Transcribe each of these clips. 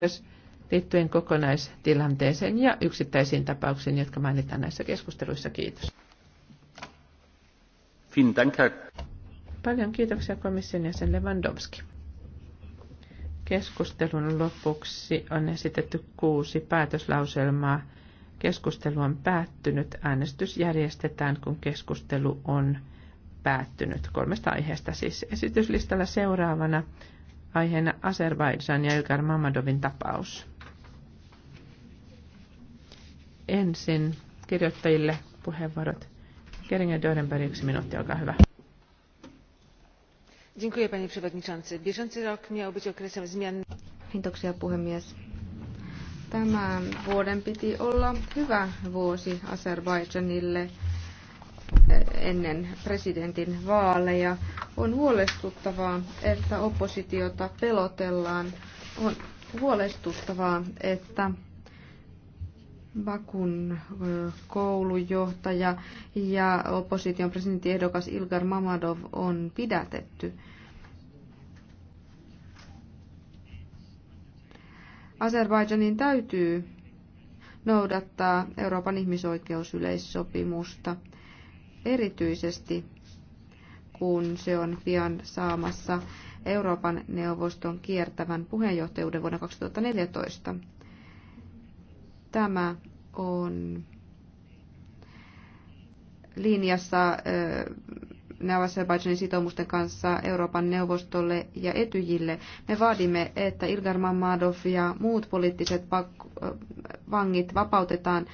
myös liittyen kokonaistilanteeseen ja yksittäisiin tapauksiin, jotka mainitaan näissä keskusteluissa. Kiitos. Paljon kiitoksia komission jäsen Lewandowski. Keskustelun lopuksi on esitetty kuusi päätöslauselmaa. Keskustelu on päättynyt. Äänestys järjestetään, kun keskustelu on päättynyt. Kolmesta aiheesta siis esityslistalla seuraavana aiheena Azerbaidžan ja Ilkar Mamadovin tapaus. Ensin kirjoittajille puheenvuorot. Keringen Dörenberg, yksi minuutti, olkaa hyvä. Dziękuję, panie przewodniczący. Bieżący rok miał być okresem zmian. Kiitoksia, puhemies. Tämän vuoden piti olla hyvä vuosi Azerbaidžanille ennen presidentin vaaleja. On huolestuttavaa, että oppositiota pelotellaan. On huolestuttavaa, että Bakun koulujohtaja ja opposition presidenttiehdokas Ilgar Mamadov on pidätetty. Azerbaidžanin täytyy noudattaa Euroopan ihmisoikeusyleissopimusta erityisesti kun se on pian saamassa Euroopan neuvoston kiertävän puheenjohtajuuden vuonna 2014. Tämä on linjassa Azerbaijanin sitoumusten kanssa Euroopan neuvostolle ja Etyjille. Me vaadimme, että Ilgar Mammadov ja muut poliittiset vangit vapautetaan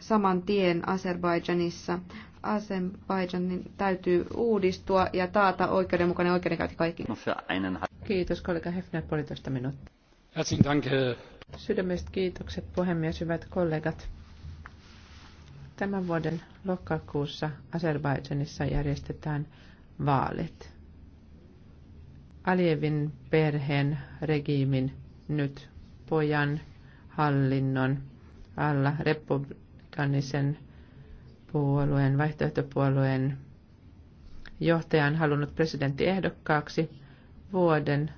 saman tien Azerbaidžanissa. Azerbaidžanin täytyy uudistua ja taata oikeudenmukainen oikeudenkäynti kaikille. No Kiitos, kollega Hefner, puolitoista minuuttia. Sydämestä kiitokset, puhemies, hyvät kollegat. Tämän vuoden lokakuussa Azerbaidžanissa järjestetään vaalit. Alievin perheen regiimin nyt pojan hallinnon alla. Republi- kannisen puolueen, vaihtoehtopuolueen johtajan halunnut presidenttiehdokkaaksi vuoden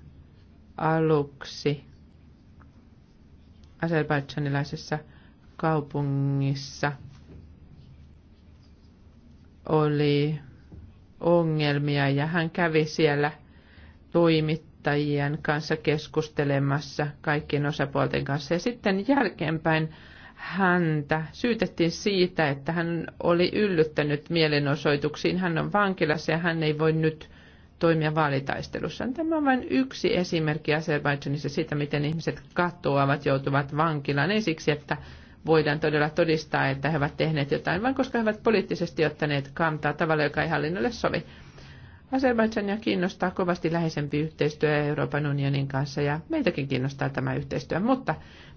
aluksi azerbaidsanilaisessa kaupungissa oli ongelmia ja hän kävi siellä toimittajien kanssa keskustelemassa kaikkien osapuolten kanssa. Ja sitten jälkeenpäin häntä syytettiin siitä, että hän oli yllyttänyt mielenosoituksiin. Hän on vankilassa ja hän ei voi nyt toimia vaalitaistelussa. Tämä on vain yksi esimerkki Azerbaidžanissa siitä, miten ihmiset katoavat, joutuvat vankilaan. Ei siksi, että voidaan todella todistaa, että he ovat tehneet jotain, vaan koska he ovat poliittisesti ottaneet kantaa tavalla, joka ei hallinnolle sovi. Azerbaidsania kiinnostaa kovasti läheisempi yhteistyö Euroopan unionin kanssa ja meitäkin kiinnostaa tämä yhteistyö, mutta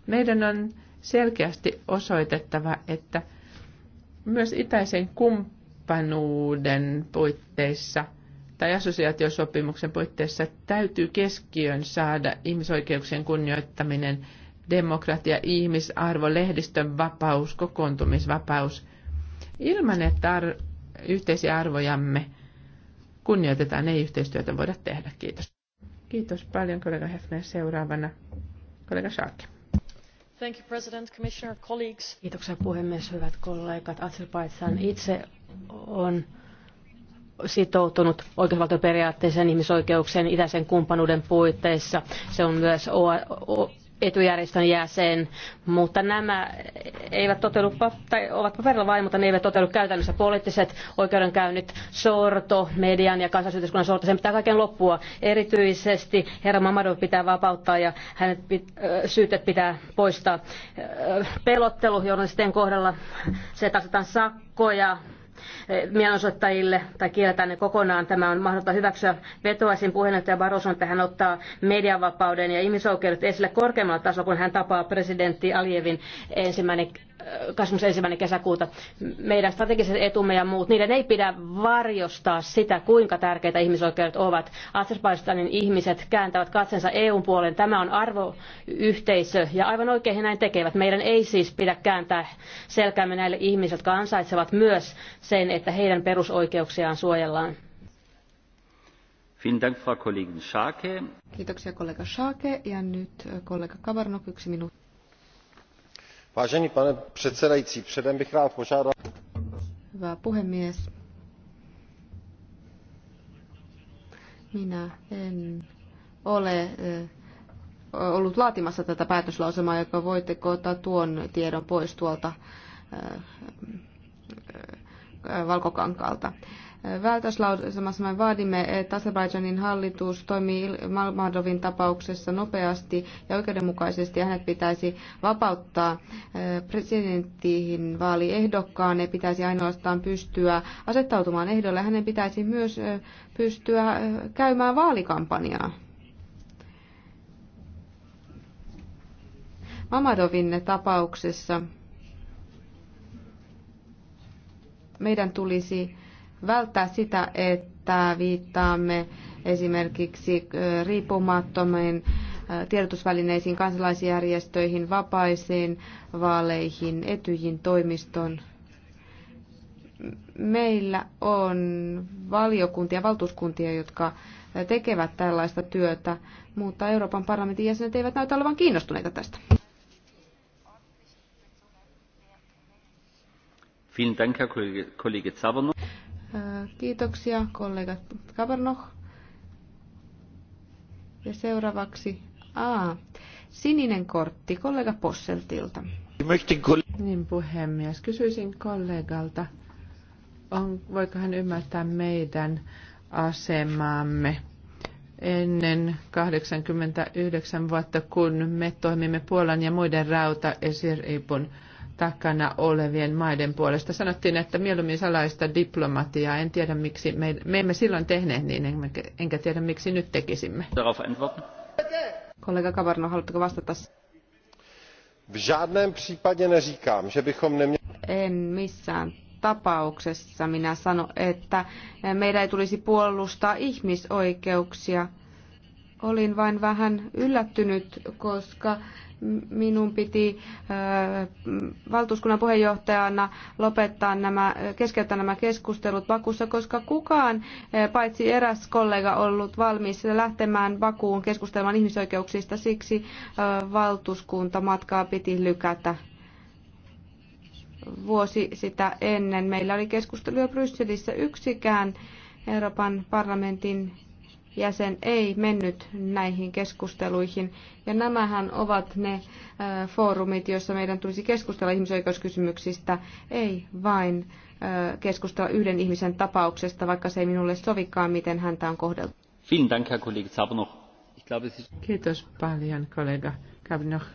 meidän on selkeästi osoitettava, että myös itäisen kumppanuuden puitteissa tai assosiaatiosopimuksen puitteissa täytyy keskiön saada ihmisoikeuksien kunnioittaminen, demokratia, ihmisarvo, lehdistön vapaus, kokoontumisvapaus, ilman että ar- yhteisiä arvojamme – kunnioitetaan, ei yhteistyötä voida tehdä. Kiitos. Kiitos paljon kollega Hefner. Seuraavana kollega Saakki. Thank you, President, Commissioner, colleagues. Kiitoksia puhemies, hyvät kollegat. Azerbaidsan itse on sitoutunut oikeusvaltioperiaatteeseen ihmisoikeuksien itäisen kumppanuuden puitteissa. Se on myös etujärjestön jäsen, mutta nämä eivät toteudu, tai ovat paperilla vain, mutta ne eivät toteudu käytännössä poliittiset oikeudenkäynnit, sorto, median ja kansallisyhteiskunnan sorto. Sen pitää kaiken loppua. Erityisesti herra Mamadov pitää vapauttaa ja hänet pit- syytet pitää poistaa. Pelottelu journalistien kohdalla, se tasetaan sakkoja, mielenosoittajille tai kielletään ne kokonaan. Tämä on mahdollista hyväksyä. Vetoaisin puheenjohtaja Barroson, että hän ottaa medianvapauden ja ihmisoikeudet esille korkeammalla tasolla, kun hän tapaa presidentti Alievin ensimmäinen 21. kesäkuuta. Meidän strategiset etumme ja muut, niiden ei pidä varjostaa sitä, kuinka tärkeitä ihmisoikeudet ovat. Azerbaidžanin ihmiset kääntävät katsensa EUn puoleen. Tämä on arvoyhteisö ja aivan oikein he näin tekevät. Meidän ei siis pidä kääntää selkäämme näille ihmisille, jotka ansaitsevat myös sen, että heidän perusoikeuksiaan suojellaan. Kiitoksia kollega Schake ja nyt kollega Kavarnok yksi minuutti. Vážený pane předsedající, předem bych rád požádal... puhemies. Minä en ole eh, ollut laatimassa tätä päätöslauselmaa, joka voitteko ottaa tuon tiedon pois tuolta eh, eh, valkokankaalta. Vältäslauselmassa me vaadimme, että Azerbaijanin hallitus toimii Malmadovin tapauksessa nopeasti ja oikeudenmukaisesti ja hänet pitäisi vapauttaa eh, presidenttiin vaaliehdokkaan. Ne pitäisi ainoastaan pystyä asettautumaan ehdolle. Hänen pitäisi myös eh, pystyä eh, käymään vaalikampanjaa. Mamadovin tapauksessa meidän tulisi välttää sitä, että viittaamme esimerkiksi äh, riippumattomiin äh, tiedotusvälineisiin, kansalaisjärjestöihin, vapaisiin vaaleihin, etyjin toimiston. Meillä on valiokuntia, valtuuskuntia, jotka äh, tekevät tällaista työtä, mutta Euroopan parlamentin jäsenet eivät näytä olevan kiinnostuneita tästä. Kiitoksia kollegat Kavarnoh. Ja seuraavaksi A. Sininen kortti kollega Posseltilta. Niin puhemies, kysyisin kollegalta, on, voiko hän ymmärtää meidän asemaamme ennen 89 vuotta, kun me toimimme Puolan ja muiden rauta esiripun takana olevien maiden puolesta. Sanottiin, että mieluummin salaista diplomatiaa. En tiedä, miksi me, me emme silloin tehneet niin, enkä tiedä, miksi nyt tekisimme. Kollega Kavarno, haluatteko vastata? V žádném případě neříkám, že bychom neměli... En missään tapauksessa minä sano, että meidän ei tulisi puolustaa ihmisoikeuksia. Olin vain vähän yllättynyt, koska minun piti valtuuskunnan puheenjohtajana lopettaa nämä, keskeyttää nämä keskustelut Bakussa, koska kukaan, paitsi eräs kollega, ollut valmis lähtemään Bakuun keskustelemaan ihmisoikeuksista, siksi matkaa piti lykätä vuosi sitä ennen. Meillä oli keskusteluja Brysselissä yksikään Euroopan parlamentin jäsen ei mennyt näihin keskusteluihin. Ja nämähän ovat ne äh, foorumit, joissa meidän tulisi keskustella ihmisoikeuskysymyksistä, ei vain äh, keskustella yhden ihmisen tapauksesta, vaikka se ei minulle sovikaan, miten häntä on kohdeltu. Kiitos paljon, kollega Kavnoch.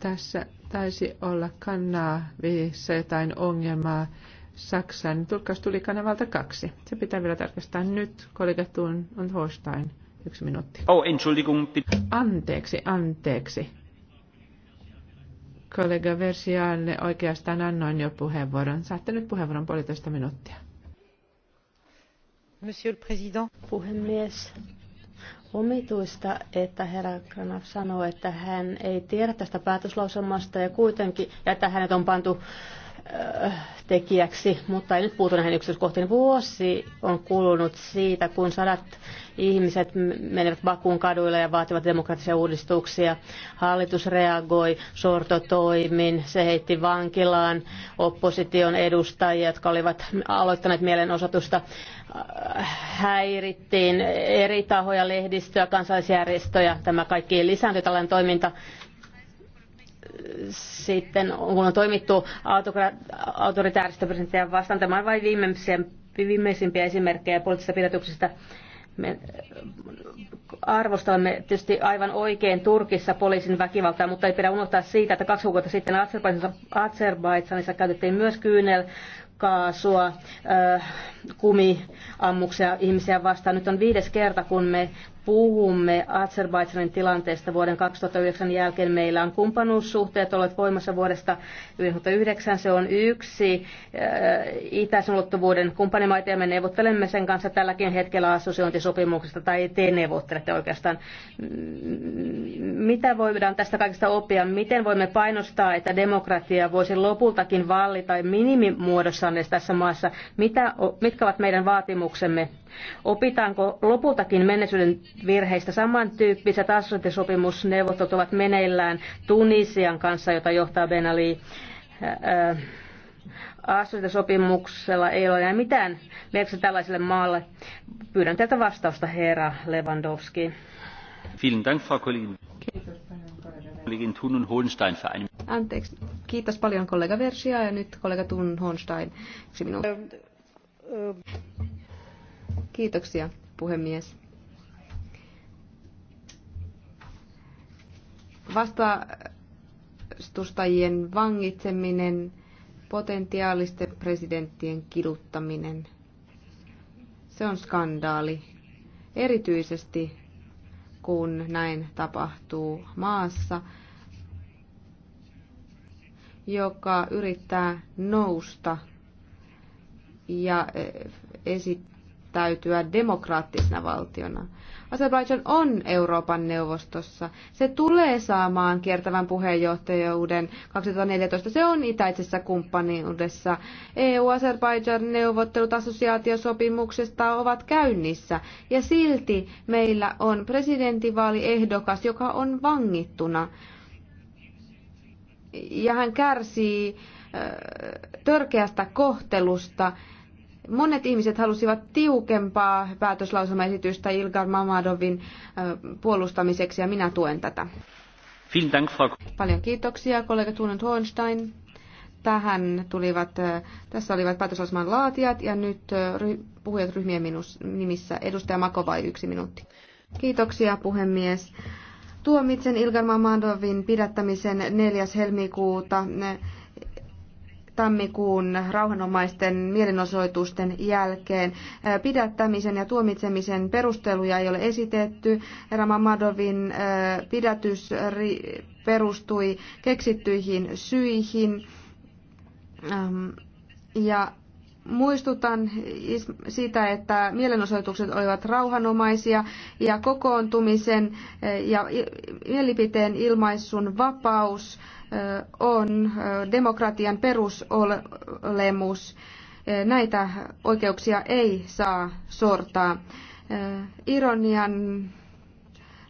Tässä taisi olla kannaa viissä jotain ongelmaa Saksan tulkkaus tuli kanavalta kaksi. Se pitää vielä tarkastaa nyt. Kollega Thun on hoistain Yksi minuutti. Oh, entschuldigung. Anteeksi, anteeksi. Kollega Versialle oikeastaan annoin jo puheenvuoron. Saatte nyt puheenvuoron puolitoista minuuttia. Monsieur le Président. Puhemies. Omituista, että herra Granaf sanoo, että hän ei tiedä tästä päätöslausemasta ja kuitenkin, ja että hänet on pantu Äh, tekijäksi, mutta ei nyt puutu näihin yksityiskohtiin. Vuosi on kulunut siitä, kun sadat ihmiset menevät Bakun kaduilla ja vaativat demokraattisia uudistuksia. Hallitus reagoi sortotoimin, se heitti vankilaan opposition edustajia, jotka olivat aloittaneet mielenosoitusta. Äh, häirittiin eri tahoja, lehdistöä, kansalaisjärjestöjä. Tämä kaikki lisääntyi tällainen toiminta sitten, kun on toimittu autoritääristä presidenttiä vastaan, tämä on vain viimeisimpiä esimerkkejä poliittisista pidätyksistä. Me äh, arvostamme tietysti aivan oikein Turkissa poliisin väkivaltaa, mutta ei pidä unohtaa siitä, että kaksi kuukautta sitten Azerbaidsanissa käytettiin myös kyynel kaasua, kumiammuksia ihmisiä vastaan. Nyt on viides kerta, kun me puhumme Azerbaidsanin tilanteesta vuoden 2009 jälkeen. Meillä on kumppanuussuhteet olleet voimassa vuodesta 1999. Se on yksi itäisen ulottuvuuden kumppanimaita ja me neuvottelemme sen kanssa tälläkin hetkellä assosiointisopimuksesta tai te neuvottelette oikeastaan. Mitä voidaan tästä kaikesta oppia? Miten voimme painostaa, että demokratia voisi lopultakin vallita minimimuodossaan tässä maassa? Mitä, mitkä ovat meidän vaatimuksemme? Opitaanko lopultakin menneisyyden virheistä? Samantyyppiset assosiointisopimusneuvottelut ovat meneillään Tunisian kanssa, jota johtaa Ben Ali. Äh, äh, Assosiointisopimuksella ei ole enää mitään merkitystä tällaiselle maalle. Pyydän teiltä vastausta, herra Lewandowski. Kiitos paljon kollega Holstein. Versia ja nyt kollega Tun Holstein. Kiitoksia puhemies. vastustajien vangitseminen, potentiaalisten presidenttien kiduttaminen. Se on skandaali. Erityisesti kun näin tapahtuu maassa, joka yrittää nousta ja eh, esittää näyttäytyä demokraattisena valtiona. Azerbaijan on Euroopan neuvostossa. Se tulee saamaan kiertävän puheenjohtajuuden 2014. Se on itäisessä kumppanuudessa. EU-Azerbaijan neuvottelut assosiaatiosopimuksesta ovat käynnissä. Ja silti meillä on presidentinvaaliehdokas, joka on vangittuna. Ja hän kärsii törkeästä kohtelusta Monet ihmiset halusivat tiukempaa päätöslauselmaesitystä Ilgar Mamadovin puolustamiseksi ja minä tuen tätä. Paljon kiitoksia kollega Tunen Hornstein. Tähän tulivat, tässä olivat päätöslauselman laatijat ja nyt puhujat ryhmien minus, nimissä. Edustaja Makovai, yksi minuutti. Kiitoksia puhemies. Tuomitsen Ilgar Mamadovin pidättämisen 4. helmikuuta tammikuun rauhanomaisten mielenosoitusten jälkeen. Pidättämisen ja tuomitsemisen perusteluja ei ole esitetty. Ramamadovin pidätys perustui keksittyihin syihin ja Muistutan siitä, että mielenosoitukset olivat rauhanomaisia ja kokoontumisen eh, ja mielipiteen ilmaisun vapaus eh, on eh, demokratian perusolemus. Näitä oikeuksia ei saa sortaa. Ironian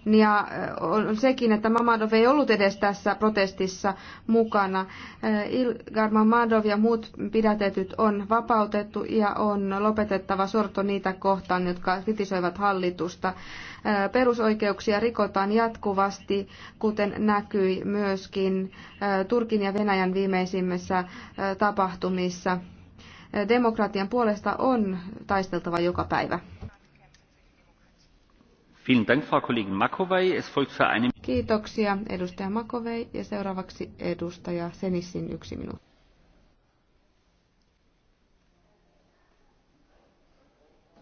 ja on sekin, että Mamadov ei ollut edes tässä protestissa mukana. Ilgar Mamadov ja muut pidätetyt on vapautettu ja on lopetettava sorto niitä kohtaan, jotka kritisoivat hallitusta. Perusoikeuksia rikotaan jatkuvasti, kuten näkyi myöskin Turkin ja Venäjän viimeisimmissä tapahtumissa. Demokratian puolesta on taisteltava joka päivä. Kiitoksia edustaja Makovei ja seuraavaksi edustaja Senissin yksi minuutti.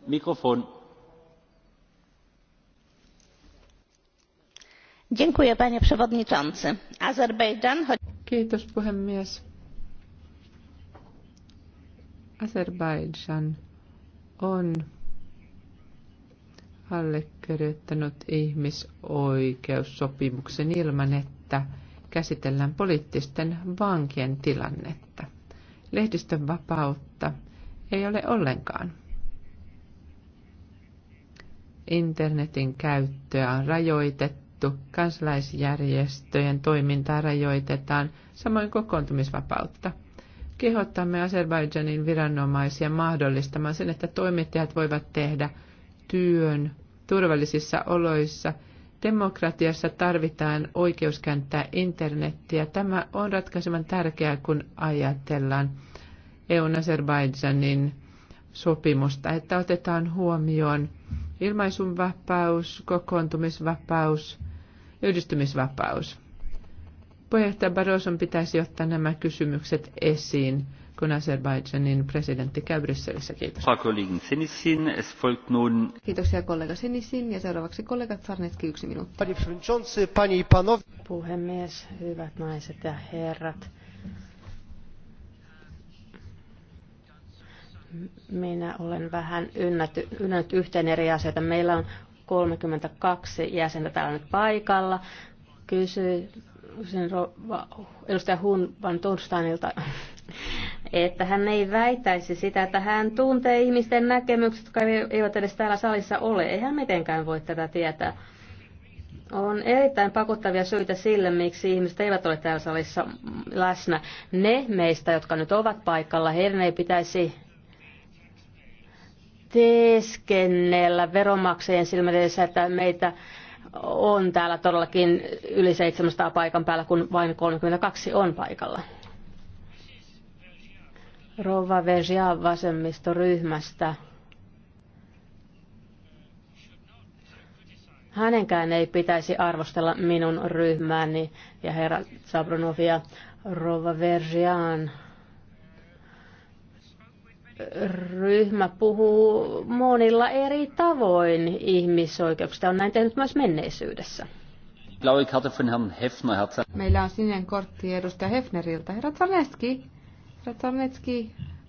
Mikrofon. panie przewodniczący! azerbejdżan azerbaidžan on allekirjoittanut ihmisoikeussopimuksen ilman, että käsitellään poliittisten vankien tilannetta. Lehdistön vapautta ei ole ollenkaan. Internetin käyttöä on rajoitettu, kansalaisjärjestöjen toimintaa rajoitetaan, samoin kokoontumisvapautta. Kehottamme Azerbaidžanin viranomaisia mahdollistamaan sen, että toimittajat voivat tehdä työn turvallisissa oloissa. Demokratiassa tarvitaan oikeus käyttää internettiä. Tämä on ratkaisevan tärkeää, kun ajatellaan EUn Azerbaidžanin sopimusta, että otetaan huomioon ilmaisunvapaus, kokoontumisvapaus, yhdistymisvapaus. Puheenjohtaja Barroson pitäisi ottaa nämä kysymykset esiin kun Azerbaidžanin presidentti käy Brysselissä. Kiitos. Kiitoksia kollega Sinisin ja seuraavaksi kollega Tsarnetski yksi minuutti. Puhemies, hyvät naiset ja herrat. Minä olen vähän ynnätty, yhteen eri asioita. Meillä on 32 jäsentä täällä nyt paikalla. Kysyin edustaja Hun van Torsteinilta että hän ei väittäisi sitä, että hän tuntee ihmisten näkemykset, jotka eivät edes täällä salissa ole. Eihän mitenkään voi tätä tietää. On erittäin pakottavia syitä sille, miksi ihmiset eivät ole täällä salissa läsnä. Ne meistä, jotka nyt ovat paikalla, heidän ei pitäisi teeskennellä veronmaksajien silmätessä, että meitä on täällä todellakin yli 700 paikan päällä, kun vain 32 on paikalla. Rova Vesia vasemmistoryhmästä. Hänenkään ei pitäisi arvostella minun ryhmääni ja herra Sabrunovia Rova Verjaan ryhmä puhuu monilla eri tavoin ihmisoikeuksista. On näin tehnyt myös menneisyydessä. Meillä on sininen kortti edustaja Hefneriltä. Herra Zaneski, Ratamnetski,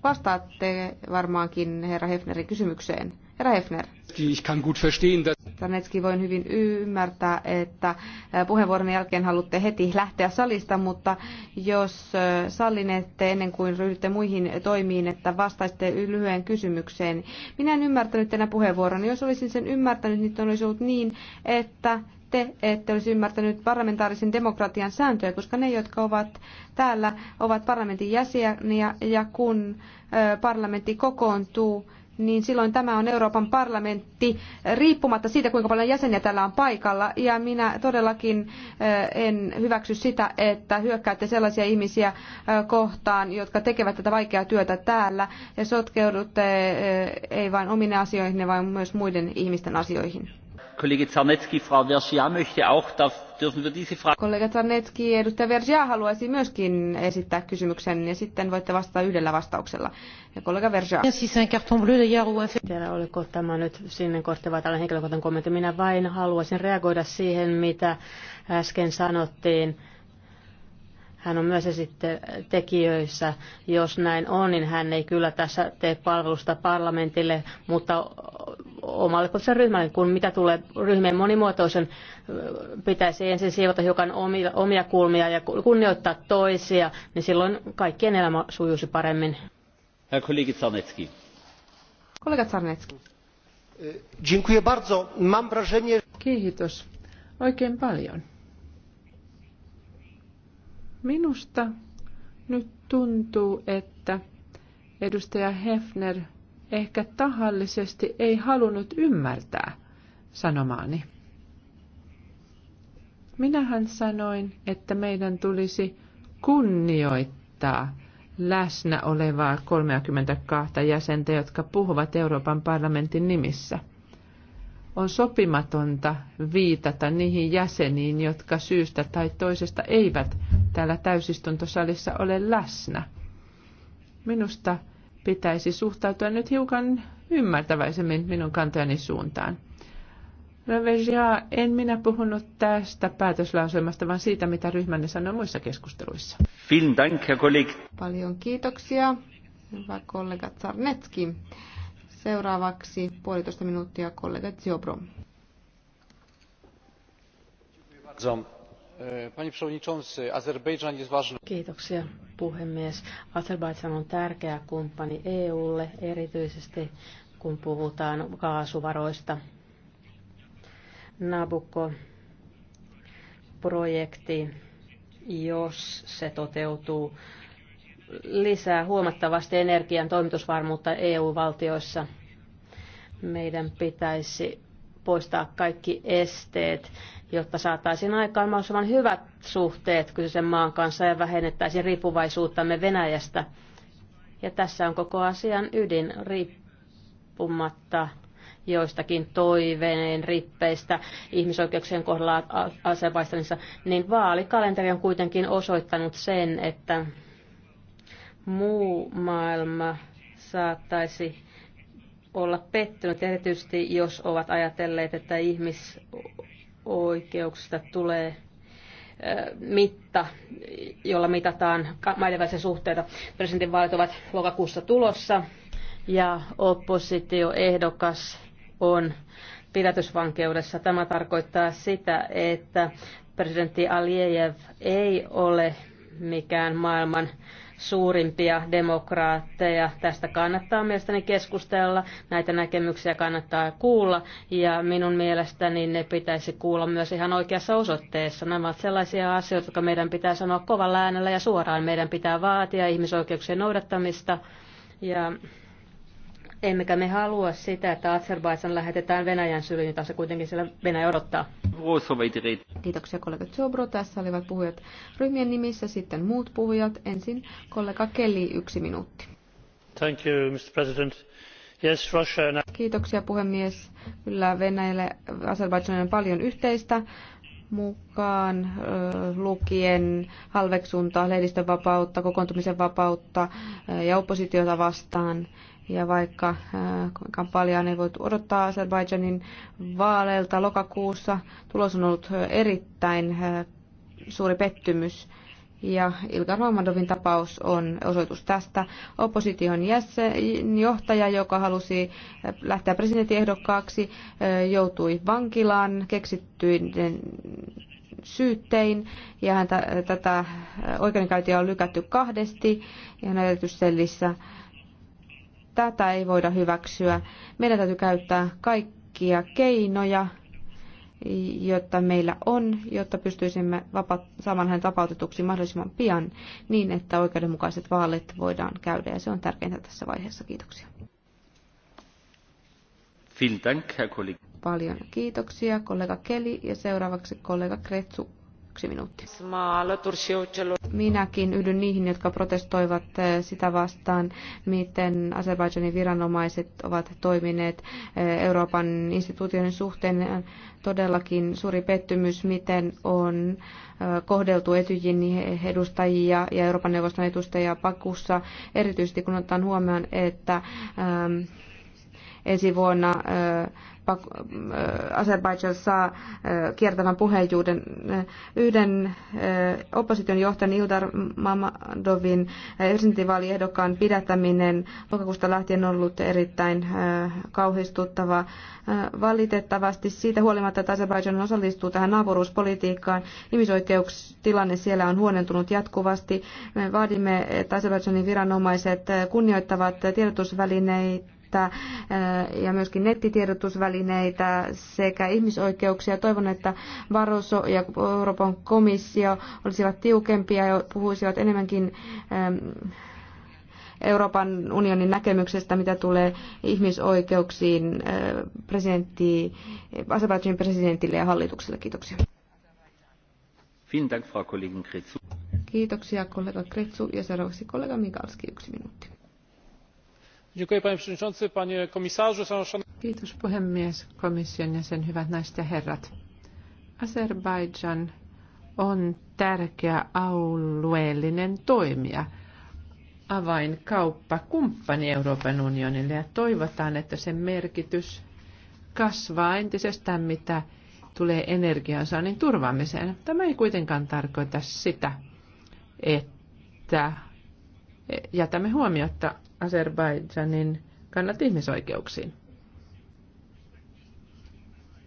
vastaatte varmaankin herra Hefnerin kysymykseen. Herra Hefner. Ich kann gut verstehen, dass... voin hyvin ymmärtää, että puheenvuoron jälkeen haluatte heti lähteä salista, mutta jos sallinette ennen kuin ryhdytte muihin toimiin, että vastaisitte lyhyen kysymykseen. Minä en ymmärtänyt tänä puheenvuoron. Jos olisin sen ymmärtänyt, niin olisi ollut niin, että te ette olisi ymmärtänyt parlamentaarisen demokratian sääntöjä, koska ne, jotka ovat täällä, ovat parlamentin jäseniä ja kun parlamentti kokoontuu, niin silloin tämä on Euroopan parlamentti, riippumatta siitä, kuinka paljon jäseniä täällä on paikalla. Ja minä todellakin en hyväksy sitä, että hyökkäätte sellaisia ihmisiä kohtaan, jotka tekevät tätä vaikeaa työtä täällä ja sotkeudutte ei vain omine asioihin, vaan myös muiden ihmisten asioihin. Kollega Czarnecki, Frau Vergia möchte auch, darf, dürfen wir diese Frage... Kollega Czarnecki, edustaja Vergia haluaisi myöskin esittää kysymyksen ja sitten voitte vastata yhdellä vastauksella. Ja kollega Vergia. Tiedä, oliko tämä nyt sinne kortti vai tällainen henkilökohtainen kommentti. Minä vain haluaisin reagoida siihen, mitä äsken sanottiin. Hän on myös sitten tekijöissä. Jos näin on, niin hän ei kyllä tässä tee palvelusta parlamentille, mutta omalle poliittiselle ryhmälle, kun mitä tulee ryhmien monimuotoisen, pitäisi ensin siivota hiukan omia, omia kulmia ja kunnioittaa toisia, niin silloin kaikkien elämä sujuisi paremmin. Herr Kollege Zarnecki. Kollega Zarnecki. Dziękuję bardzo. Mam wrażenie... Kiitos. Oikein paljon. Minusta nyt tuntuu, että edustaja Hefner – ehkä tahallisesti ei halunnut ymmärtää sanomaani. Minähän sanoin, että meidän tulisi kunnioittaa läsnä olevaa 32 jäsentä, jotka puhuvat Euroopan parlamentin nimissä. On sopimatonta viitata niihin jäseniin, jotka syystä tai toisesta eivät täällä täysistuntosalissa ole läsnä. Minusta pitäisi suhtautua nyt hiukan ymmärtäväisemmin minun kantojani suuntaan. Ravejaa, en minä puhunut tästä päätöslauselmasta, vaan siitä, mitä ryhmänne sanoi muissa keskusteluissa. Paljon kiitoksia, hyvä kollega Tsarnetski. Seuraavaksi puolitoista minuuttia kollega Ziobro. E, kiitoksia puhemies. Azerbaidžan on tärkeä kumppani EUlle, erityisesti kun puhutaan kaasuvaroista. Nabucco-projekti, jos se toteutuu, lisää huomattavasti energian toimitusvarmuutta EU-valtioissa. Meidän pitäisi poistaa kaikki esteet jotta saataisiin aikaan mahdollisimman hyvät suhteet kyseisen maan kanssa ja vähennettäisiin riippuvaisuuttamme Venäjästä. Ja tässä on koko asian ydin riippumatta joistakin toiveen rippeistä ihmisoikeuksien kohdalla asevaistamissa, niin vaalikalenteri on kuitenkin osoittanut sen, että muu maailma saattaisi olla pettynyt, erityisesti jos ovat ajatelleet, että ihmis oikeuksista tulee mitta, jolla mitataan maiden välisiä suhteita. Presidentinvaalit ovat lokakuussa tulossa ja oppositioehdokas on pidätysvankeudessa. Tämä tarkoittaa sitä, että presidentti Aliyev ei ole mikään maailman suurimpia demokraatteja. Tästä kannattaa mielestäni keskustella, näitä näkemyksiä kannattaa kuulla ja minun mielestäni ne pitäisi kuulla myös ihan oikeassa osoitteessa. Nämä ovat sellaisia asioita, jotka meidän pitää sanoa kovalla äänellä ja suoraan. Meidän pitää vaatia ihmisoikeuksien noudattamista ja Emmekä me halua sitä, että Azerbaijan lähetetään Venäjän syliin, jota se kuitenkin siellä Venäjä odottaa. Kiitoksia kollega Zobro. Tässä olivat puhujat ryhmien nimissä, sitten muut puhujat. Ensin kollega Kelly, yksi minuutti. Thank you, Mr. President. Yes, Russia... Kiitoksia puhemies. Kyllä Venäjälle Azerbaidžanille on paljon yhteistä mukaan lukien halveksunta, lehdistön vapautta, kokoontumisen vapautta ja oppositiota vastaan. Ja vaikka kampanjaan ei voitu odottaa Azerbaijanin vaaleilta lokakuussa, tulos on ollut erittäin suuri pettymys ja Ilkar Mammadovin tapaus on osoitus tästä. Opposition jäsen, johtaja, joka halusi lähteä presidenttiehdokkaaksi, joutui vankilaan keksittyinen syyttein ja häntä, tätä oikeudenkäyntiä on lykätty kahdesti ja hän sellissä. Tätä ei voida hyväksyä. Meidän täytyy käyttää kaikkia keinoja jotta meillä on, jotta pystyisimme vapa- saamaan hänet vapautetuksi mahdollisimman pian niin, että oikeudenmukaiset vaalit voidaan käydä ja se on tärkeintä tässä vaiheessa. Kiitoksia. Paljon kiitoksia kollega Keli ja seuraavaksi kollega Kretsu Yksi minuutti. Minäkin yhdyn niihin, jotka protestoivat eh, sitä vastaan, miten Azerbaijanin viranomaiset ovat toimineet eh, Euroopan instituutioiden suhteen. Todellakin suuri pettymys, miten on eh, kohdeltu Etyjin edustajia ja Euroopan neuvoston edustajia Pakussa, erityisesti kun otetaan huomioon, että ehm, ensi vuonna Azerbaijan saa kiertävän puheenjuuden. Yhden opposition johtajan Ildar Mamadovin presidentinvaaliehdokkaan pidättäminen lokakuusta lähtien on ollut erittäin kauhistuttava. Valitettavasti siitä huolimatta, että Azerbaijan osallistuu tähän naapuruuspolitiikkaan, ihmisoikeustilanne siellä on huonentunut jatkuvasti. Me vaadimme, että Azerbaijanin viranomaiset kunnioittavat tiedotusvälineitä että, ja myöskin nettitiedotusvälineitä sekä ihmisoikeuksia. Toivon, että Barroso ja Euroopan komissio olisivat tiukempia ja puhuisivat enemmänkin Euroopan unionin näkemyksestä, mitä tulee ihmisoikeuksiin presidentti, Azerbaijanin presidentille ja hallitukselle. Kiitoksia. Kiitoksia kollega Kretsu ja seuraavaksi kollega Mikalski yksi minuutti panie przewodniczący! panie komisarzu! kiitos puhemies komission jäsen hyvät naiset ja herrat. azerbaidan on tärkeä alueellinen toimija avainkauppakumppani euroopan unionille ja toivotaan että sen merkitys kasvaa entisestään mitä tulee energiansaannin turvaamiseen. Tämä ei kuitenkaan tarkoita sitä, että jätämme huomiotta Azerbaidžanin kannat ihmisoikeuksiin.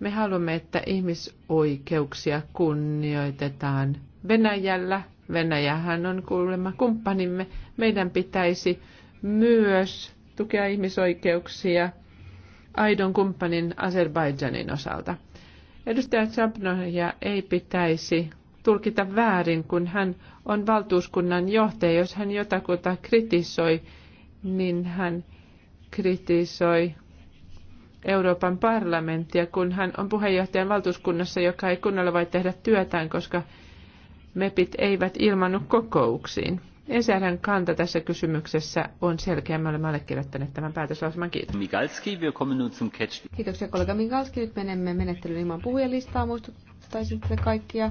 Me haluamme, että ihmisoikeuksia kunnioitetaan Venäjällä. Venäjähän on kuulemma kumppanimme. Meidän pitäisi myös tukea ihmisoikeuksia aidon kumppanin Azerbaidžanin osalta. Edustaja Zabnoja ei pitäisi tulkita väärin, kun hän on valtuuskunnan johtaja. Jos hän jotakuta kritisoi, niin hän kritisoi Euroopan parlamenttia, kun hän on puheenjohtajan valtuuskunnassa, joka ei kunnolla voi tehdä työtään, koska MEPit eivät ilmannut kokouksiin. Esärän kanta tässä kysymyksessä on selkeä. Me olemme allekirjoittaneet tämän päätöslauseman. Kiitos. Migalski, Kiitoksia kollega Migalski. Nyt menemme menettelyyn ilman puhujalistaa. Muistuttaisin kaikkia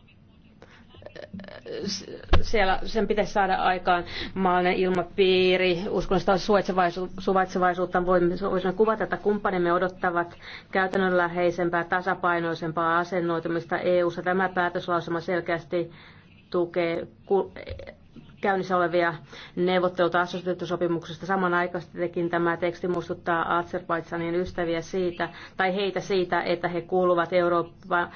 siellä sen pitäisi saada aikaan maallinen ilmapiiri, uskonnollista suvaitsevaisuutta. Voimme, voisimme kuvata, että kumppanimme odottavat käytännönläheisempää, tasapainoisempaa asennoitumista EU-ssa. Tämä päätöslausuma selkeästi tukee käynnissä olevia neuvotteluita assostettusopimuksesta. Samanaikaisesti tekin tämä teksti muistuttaa Azerbaidsanin ystäviä siitä, tai heitä siitä, että he kuuluvat Euroopan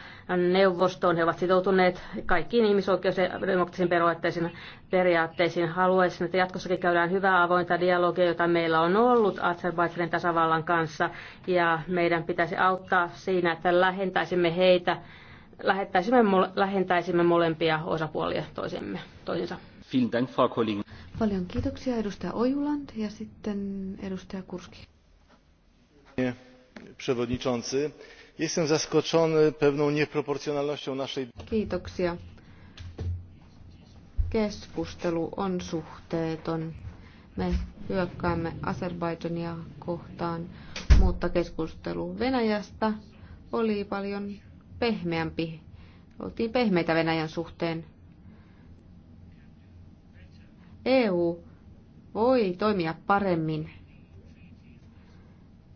neuvostoon. He ovat sitoutuneet kaikkiin ihmisoikeus- ja demokraattisiin periaatteisiin, periaatteisiin. Haluaisin, että jatkossakin käydään hyvää avointa dialogia, jota meillä on ollut Azerbaidsanin tasavallan kanssa, ja meidän pitäisi auttaa siinä, että lähentäisimme heitä lähettäisimme, lähentäisimme molempia osapuolia toisemme, Paljon kiitoksia edustaja Ojuland ja sitten edustaja Kurski. Przewodniczący, jestem zaskoczony pewną nieproporcjonalnością naszej... Kiitoksia. Keskustelu on suhteeton. Me hyökkäämme Azerbaidžania kohtaan, mutta keskustelu Venäjästä oli paljon pehmeämpi. Oltiin pehmeitä Venäjän suhteen EU voi toimia paremmin.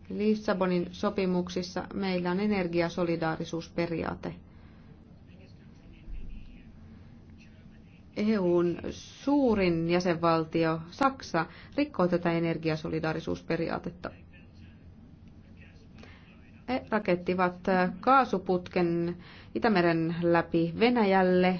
Lissabonin sopimuksissa meillä on energiasolidaarisuusperiaate. EUn suurin jäsenvaltio, Saksa, rikkoo tätä energiasolidaarisuusperiaatetta. He rakettivat kaasuputken Itämeren läpi Venäjälle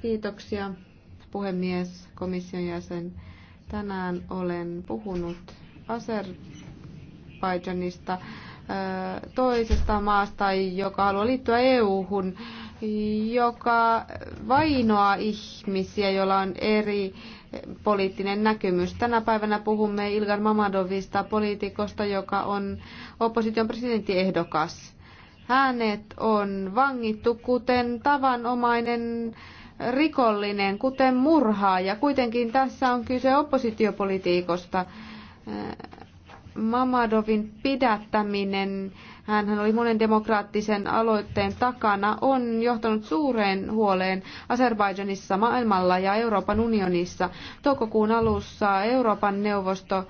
Kiitoksia puhemies, komission jäsen. Tänään olen puhunut Azerbaidžanista toisesta maasta, joka haluaa liittyä EU-hun, joka vainoaa ihmisiä, joilla on eri poliittinen näkymys. Tänä päivänä puhumme Ilgar Mamadovista, poliitikosta, joka on opposition presidenttiehdokas. Hänet on vangittu, kuten tavanomainen äh, rikollinen, kuten murhaaja. Kuitenkin tässä on kyse oppositiopolitiikosta. Mamadovin pidättäminen hän oli monen demokraattisen aloitteen takana, on johtanut suureen huoleen Azerbaidžanissa, maailmalla ja Euroopan unionissa. Toukokuun alussa Euroopan neuvosto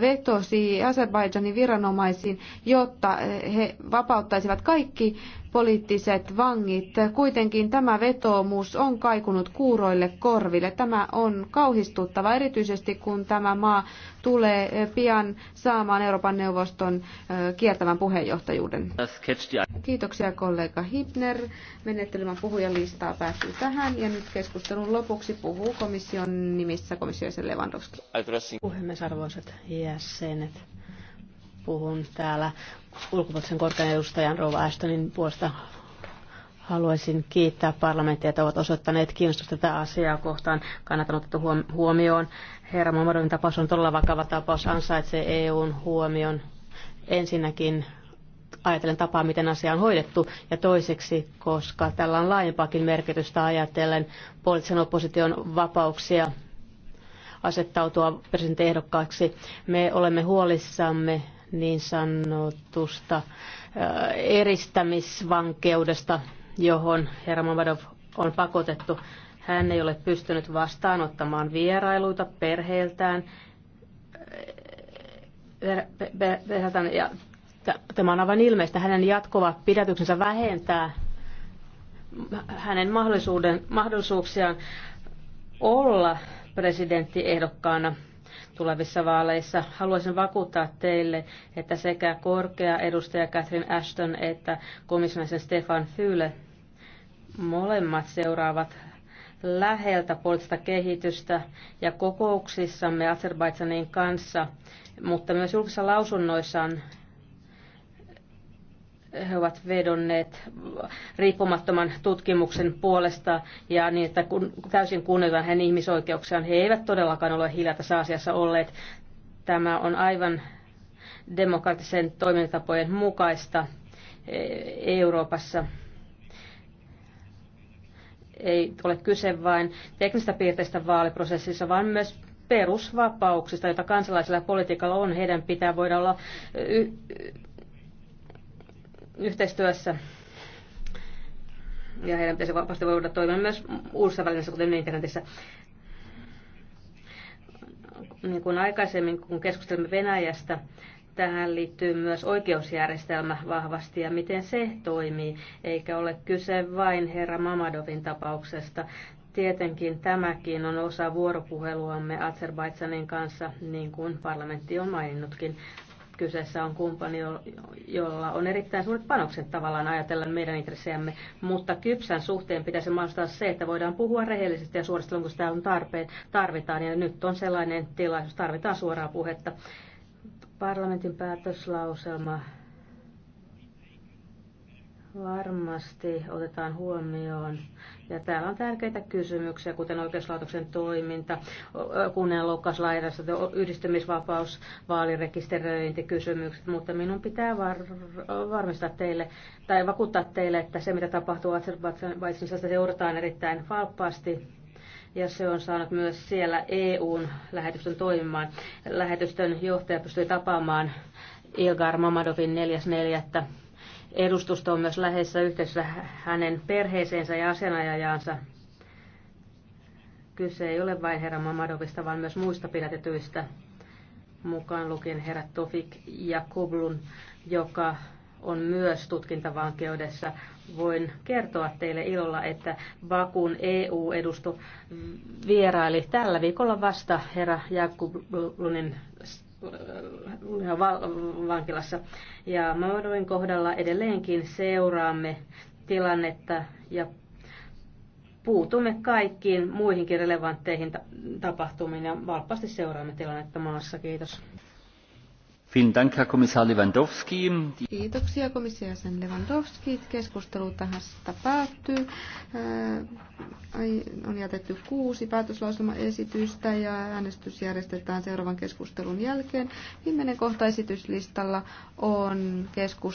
vetosi Azerbaidžanin viranomaisiin, jotta he vapauttaisivat kaikki poliittiset vangit. Kuitenkin tämä vetoomus on kaikunut kuuroille korville. Tämä on kauhistuttava, erityisesti kun tämä maa tulee pian saamaan Euroopan neuvoston kiertävän puheenjohtajan johtajuuden. Kiitoksia kollega Hibner. Menettelemään puhujalistaa päättyy tähän ja nyt keskustelun lopuksi puhuu komission nimissä komissioisen Lewandowski. Puhemies arvoisat jäsenet. Puhun täällä ulkopuolisen korkean edustajan Rova Ashtonin puolesta Haluaisin kiittää parlamenttia, että ovat osoittaneet kiinnostusta tätä asiaa kohtaan. Kannatan ottaa huomioon. Herra Mamadovin tapaus on todella vakava tapaus, ansaitsee EUn huomion. Ensinnäkin ajatellen tapaa, miten asia on hoidettu, ja toiseksi, koska tällä on laajempaakin merkitystä ajatellen poliittisen opposition vapauksia asettautua presidenttiehdokkaaksi. Me olemme huolissamme niin sanotusta eristämisvankeudesta, johon herra Mamadov on pakotettu. Hän ei ole pystynyt vastaanottamaan vierailuita perheeltään, perheeltään ja tämä on aivan ilmeistä, hänen jatkova pidätyksensä vähentää hänen mahdollisuuden, mahdollisuuksiaan olla presidenttiehdokkaana tulevissa vaaleissa. Haluaisin vakuuttaa teille, että sekä korkea edustaja Catherine Ashton että komissionäisen Stefan Fyle molemmat seuraavat läheltä poliittista kehitystä ja kokouksissamme Azerbaidsanin kanssa, mutta myös julkisissa lausunnoissaan he ovat vedonneet riippumattoman tutkimuksen puolesta ja niin, että kun täysin kuunnellaan hänen ihmisoikeuksiaan, he eivät todellakaan ole hiljaa tässä asiassa olleet. Tämä on aivan demokraattisen toimintatapojen mukaista e, Euroopassa. Ei ole kyse vain teknistä piirteistä vaaliprosessissa, vaan myös perusvapauksista, joita kansalaisilla ja politiikalla on. Heidän pitää voida olla yhteistyössä ja heidän pitäisi vapaasti voida toimia myös uusissa välineissä, kuten internetissä. Niin kuin aikaisemmin, kun keskustelimme Venäjästä, tähän liittyy myös oikeusjärjestelmä vahvasti ja miten se toimii, eikä ole kyse vain herra Mamadovin tapauksesta. Tietenkin tämäkin on osa vuoropuheluamme Azerbaidsanin kanssa, niin kuin parlamentti on maininnutkin. Kyseessä on kumppani, jolla on erittäin suuret panokset tavallaan ajatellen meidän intressejämme, mutta kypsän suhteen pitäisi mahdollistaa se, että voidaan puhua rehellisesti ja suorasti, kun sitä on tarpeen, tarvitaan. Ja nyt on sellainen tilaisuus, tarvitaan suoraa puhetta. Parlamentin päätöslauselma varmasti otetaan huomioon. Ja täällä on tärkeitä kysymyksiä, kuten oikeuslaitoksen toiminta, kunnan loukkauslaidassa, yhdistymisvapaus, vaalirekisteröintikysymykset, mutta minun pitää var- varmistaa teille tai vakuuttaa teille, että se mitä tapahtuu Azerbaidsanissa seurataan erittäin valppaasti ja se on saanut myös siellä EUn lähetystön toimimaan. Lähetystön johtaja pystyi tapaamaan Ilgar Mamadovin 4.4 Edustusto on myös läheisessä yhteydessä hänen perheeseensä ja asianajajaansa. Kyse ei ole vain herra Mamadovista, vaan myös muista pidätetyistä, mukaan lukien herra Tofik Kublun, joka on myös tutkintavankeudessa. Voin kertoa teille ilolla, että Vakun EU-edustu vieraili tällä viikolla vasta herra Jakublunin vankilassa. Ja Mamadovin kohdalla edelleenkin seuraamme tilannetta ja puutumme kaikkiin muihinkin relevantteihin tapahtumiin ja valppaasti seuraamme tilannetta maassa. Kiitos. Kiitoksia komissaari jäsen Lewandowski. Keskustelu tähästä päättyy. Äh, on jätetty kuusi päätöslauselmaesitystä ja äänestys järjestetään seuraavan keskustelun jälkeen. Viimeinen kohta esityslistalla on keskustelu.